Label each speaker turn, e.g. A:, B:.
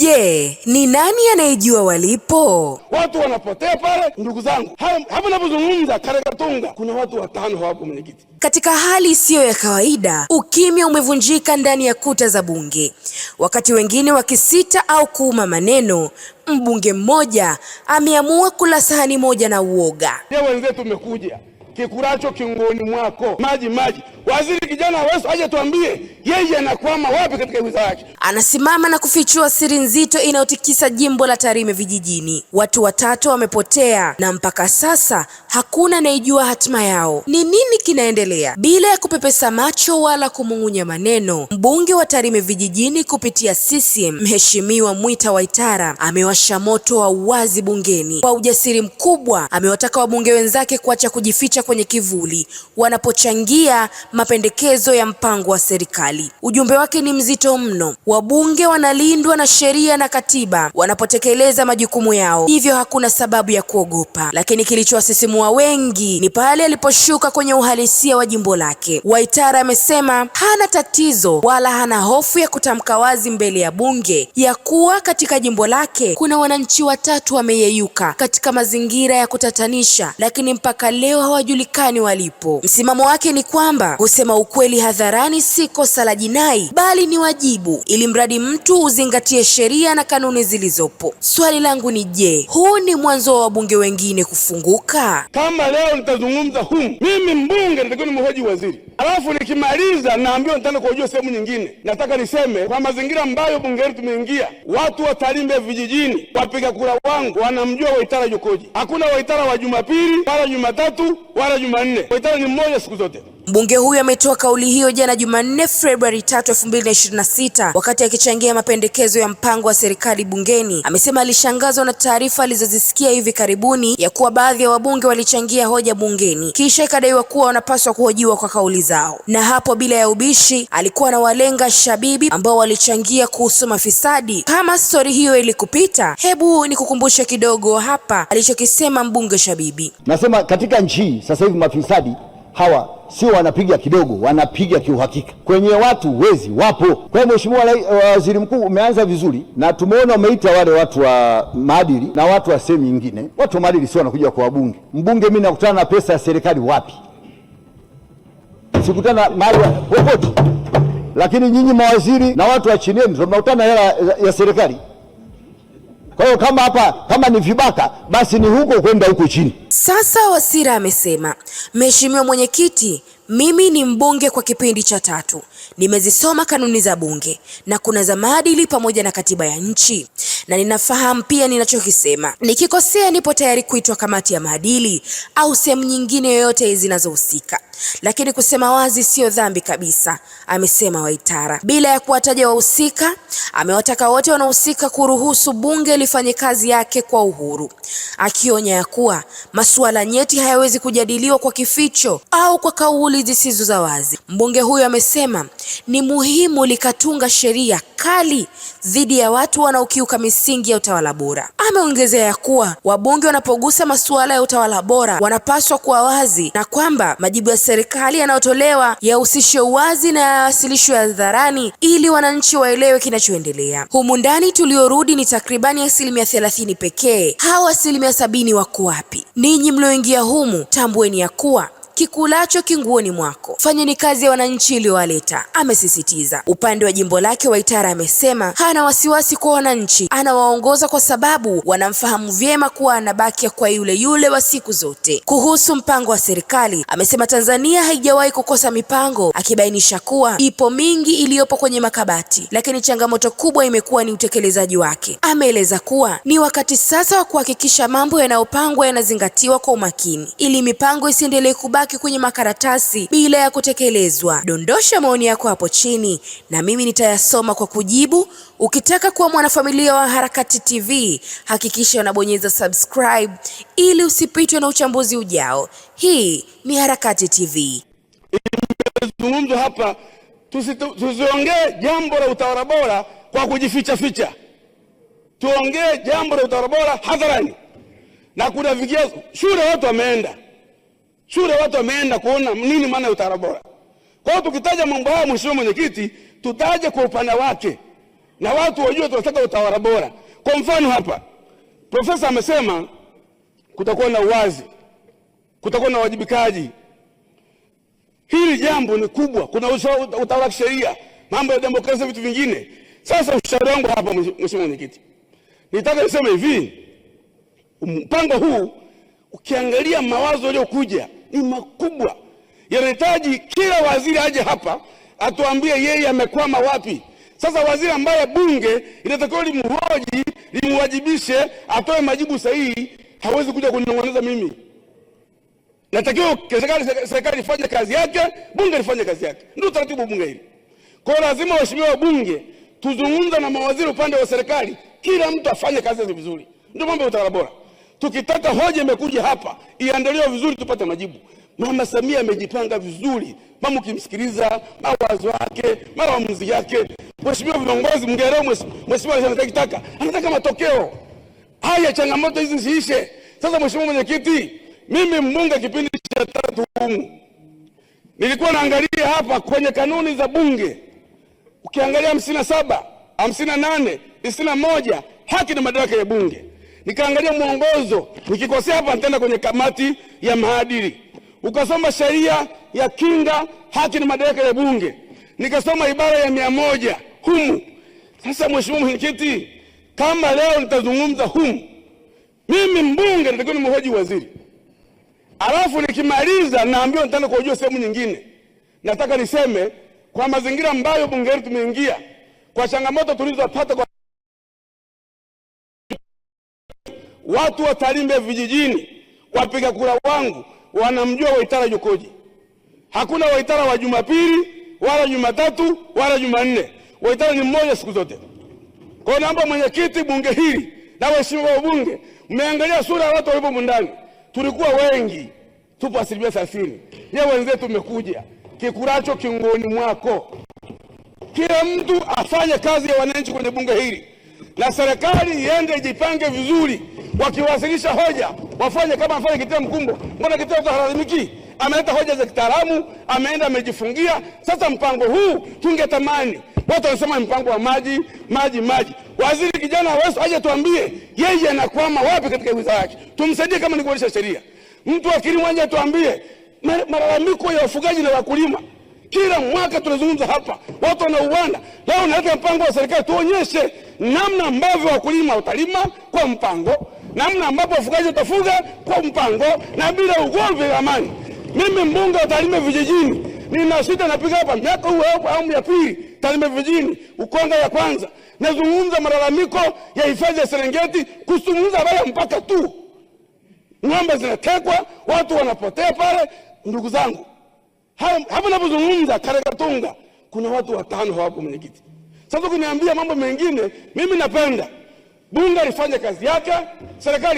A: Je, ni nani anayejua walipo?
B: Watu wanapotea pale, ndugu zangu. Hapo napozungumza Karekatunga, kuna watu watano hawapo, mwenyekiti.
A: Katika hali isiyo ya kawaida, ukimya umevunjika ndani ya kuta za Bunge. Wakati wengine wakisita au kuuma maneno, mbunge mmoja ameamua kula sahani moja na uoga.
B: Leo wenzetu, umekuja kikuracho kingoni mwako, maji maji Waziri kijana Aweso aje tuambie yeye anakwama wapi katika wizara yake.
A: Anasimama na kufichua siri nzito inayotikisa jimbo la Tarime vijijini. Watu watatu wamepotea na mpaka sasa hakuna anayejua hatima yao. Ni nini kinaendelea? Bila ya kupepesa macho wala kumung'unya maneno, mbunge wa Tarime vijijini kupitia CCM Mheshimiwa Mwita Waitara amewasha moto wa uwazi bungeni. Kwa ujasiri mkubwa amewataka wabunge wenzake kuacha kujificha kwenye kivuli wanapochangia mapendekezo ya mpango wa serikali. Ujumbe wake ni mzito mno: wabunge wanalindwa na sheria na katiba wanapotekeleza majukumu yao, hivyo hakuna sababu ya kuogopa. Lakini kilichowasisimua wengi ni pale aliposhuka kwenye uhalisia wa jimbo lake. Waitara amesema hana tatizo wala hana hofu ya kutamka wazi mbele ya bunge ya kuwa katika jimbo lake kuna wananchi watatu wameyeyuka katika mazingira ya kutatanisha, lakini mpaka leo hawajulikani walipo. Msimamo wake ni kwamba kusema ukweli hadharani si kosa la jinai, bali ni wajibu, ili mradi mtu uzingatie sheria na kanuni zilizopo. Swali langu ni je, huu ni mwanzo wa wabunge wengine kufunguka?
B: Kama leo nitazungumza humu mimi mbunge, ni mhoji waziri, alafu nikimaliza naambiwa nitaenda kuhojiwa sehemu nyingine. Nataka niseme kwa mazingira ambayo bunge letu tumeingia, watu wa Tarime vijijini, wapiga kura wangu wanamjua Waitara Jokoji. Hakuna Waitara wa Jumapili wala Jumatatu wala Jumanne. Waitara ni mmoja siku zote.
A: Mbunge huyo ametoa kauli hiyo jana Jumanne, Februari 3, 2026 wakati akichangia mapendekezo ya mpango wa serikali bungeni. Amesema alishangazwa na taarifa alizozisikia hivi karibuni ya kuwa baadhi ya wabunge walichangia hoja bungeni kisha ikadaiwa kuwa wanapaswa kuhojiwa kwa kauli zao, na hapo bila ya ubishi alikuwa anawalenga shabibi ambao walichangia kuhusu mafisadi. Kama stori hiyo ilikupita, hebu nikukumbushe kidogo hapa alichokisema mbunge Shabibi.
B: Nasema katika nchi sasa hivi mafisadi hawa sio wanapiga kidogo, wanapiga kiuhakika kwenye watu wezi wapo. Kwa hiyo Mheshimiwa eh, Waziri Mkuu, umeanza vizuri na tumeona umeita wale watu wa maadili na watu wa sehemu nyingine. Watu wa maadili sio wanakuja kwa wabunge. Mbunge mimi nakutana na pesa ya serikali wapi? Sikutana mahali popote, lakini nyinyi mawaziri na watu wa chini mnakutana hela ya serikali. Kwa hiyo kama hapa kama ni vibaka, basi ni huko kwenda huko chini.
A: Sasa Wasira amesema, Mheshimiwa Mwenyekiti, mimi ni mbunge kwa kipindi cha tatu, nimezisoma kanuni za Bunge na kuna za maadili pamoja na katiba ya nchi na ninafahamu pia ninachokisema. Nikikosea, nipo tayari kuitwa kamati ya maadili au sehemu nyingine yoyote zinazohusika, lakini kusema wazi siyo dhambi kabisa, amesema Waitara bila ya kuwataja wahusika. Amewataka wote wanaohusika kuruhusu bunge lifanye kazi yake kwa uhuru, akionya ya kuwa masuala nyeti hayawezi kujadiliwa kwa kificho au kwa kauli zisizo za wazi. Mbunge huyo amesema ni muhimu likatunga sheria kali dhidi ya watu wanaokiuka misingi ya utawala bora. Ameongezea ya kuwa wabunge wanapogusa masuala ya utawala bora wanapaswa kuwa wazi na kwamba majibu ya serikali yanayotolewa yahusishe uwazi na yawasilishwe hadharani ili wananchi waelewe kinachoendelea. Humu ndani tuliorudi ni takribani asilimia thelathini pekee. Hao asilimia sabini wako wapi? Ninyi mlioingia humu tambueni ya kuwa kikulacho kinguoni mwako, fanyeni kazi ya wananchi iliyowaleta, amesisitiza. Upande wa jimbo lake Waitara amesema hana wasiwasi kwa wananchi, anawaongoza kwa sababu wanamfahamu vyema kuwa anabaki kwa yule yule wa siku zote. Kuhusu mpango wa serikali, amesema Tanzania haijawahi kukosa mipango, akibainisha kuwa ipo mingi iliyopo kwenye makabati, lakini changamoto kubwa imekuwa ni utekelezaji wake. Ameeleza kuwa ni wakati sasa wa kuhakikisha mambo yanayopangwa yanazingatiwa kwa umakini ili mipango isiendelee kubaki yake kwenye makaratasi bila ya kutekelezwa. Dondosha maoni yako hapo chini na mimi nitayasoma kwa kujibu. Ukitaka kuwa mwanafamilia wa Harakati TV, hakikisha unabonyeza subscribe ili usipitwe na uchambuzi ujao. Hii ni Harakati TV.
B: Imezungumzwa hapa, tusiongee jambo la utawala bora kwa kujificha ficha, tuongee jambo la utawala bora hadharani, na kuna vigezo. Shule watu wameenda shule watu wameenda kuona nini maana ya utawala bora. Kwa hiyo tukitaja mambo haya, mheshimiwa mwenyekiti, tutaje kwa upana wake na watu wajue tunataka utawala bora. Kwa mfano hapa profesa amesema kutakuwa na uwazi, kutakuwa na uwajibikaji. Hili jambo ni kubwa, kuna utawala wa sheria, mambo ya demokrasia, vitu vingine. Sasa ushauri wangu hapa, mheshimiwa mwenyekiti, nitaka niseme hivi, mpango huu ukiangalia mawazo yaliyokuja ni makubwa, yanahitaji kila waziri aje hapa atuambie yeye amekwama wapi. Sasa waziri ambaye bunge inatakiwa limhoji, limwajibishe, atoe majibu sahihi, hawezi kuja kuninong'oneza mimi. Natakiwa serikali ifanye kazi yake, bunge lifanye kazi yake, ndio utaratibu wa bunge hili. Kwa hiyo lazima waheshimiwa bunge tuzungumza na mawaziri upande wa serikali, kila mtu afanye kazi yake vizuri, ndio mambo ya utawala bora. Tukitaka hoja imekuja hapa iandaliwe vizuri, tupate majibu. Mama Samia amejipanga vizuri, mama, ukimsikiliza mawazo yake, maamuzi yake. Mheshimiwa viongozi, mngeelewa mheshimiwa anataka anataka matokeo haya, changamoto hizi ziishe. Sasa mheshimiwa mwenyekiti, mimi mbunge kipindi cha tatu humu nilikuwa naangalia hapa kwenye kanuni za bunge, ukiangalia hamsini na saba hamsini na nane tisini na moja haki na madaraka ya bunge nikaangalia mwongozo, nikikosea hapa nitaenda kwenye kamati ya maadili, ukasoma sheria ya kinga, haki na madaraka ya Bunge, nikasoma ibara ya mia moja humu. Sasa mheshimiwa mwenyekiti, kama leo nitazungumza humu, mimi mbunge natakiwa nimhoji waziri, alafu nikimaliza naambiwa nitaenda kuhojiwa sehemu nyingine. Nataka niseme kwa mazingira ambayo bunge letu tumeingia, kwa changamoto tulizopata kwa watu wa Tarimbe vijijini, wapiga kura wangu wanamjua Waitara yukoje. Hakuna Waitara wa Jumapili wala Jumatatu wala Jumanne. Waitara ni mmoja siku zote. Kwa hiyo naomba mwenyekiti, bunge hili na waheshimiwa wabunge, mmeangalia sura ya watu walipo mundani, Tulikuwa wengi, tupo asilimia thelathini. Ye wenzetu, mmekuja kikuracho kingoni mwako. Kila mtu afanye kazi ya wananchi kwenye bunge hili, na serikali iende ijipange vizuri wakiwasilisha hoja wafanye kama afanye Kitila Mkumbo. Mbona Kitila halalamiki? Ameleta hoja za kitaalamu, ameenda amejifungia. Sasa mpango huu tungetamani watu wanasema mpango wa maji maji maji. Waziri kijana Aweso aje tuambie yeye anakwama wapi katika wizara yake, tumsaidie kama ni kuonesha sheria. Mtu wa kilimo aje tuambie malalamiko ya wafugaji na wakulima kila mwaka tunazungumza hapa, watu wanauana. Leo unaleta mpango wa serikali, tuonyeshe namna ambavyo wakulima watalima kwa mpango namna ambapo wafugaji watafuga kwa mpango na bila ugomvi wa amani. Mimi mbunge wa Tarime vijijini nina sita napiga hapa miaka huu hapo, awamu ya pili Tarime vijijini, Ukonga ya kwanza, nazungumza malalamiko ya hifadhi ya Serengeti, kuzungumza habari mpaka tu, ng'ombe zinatekwa, watu wanapotea pale. Ndugu zangu, hapo napozungumza Karekatunga kuna watu watano hawapo mwenyekiti. Sasa kuniambia mambo mengine, mimi napenda bunge lifanye kazi yake, serikali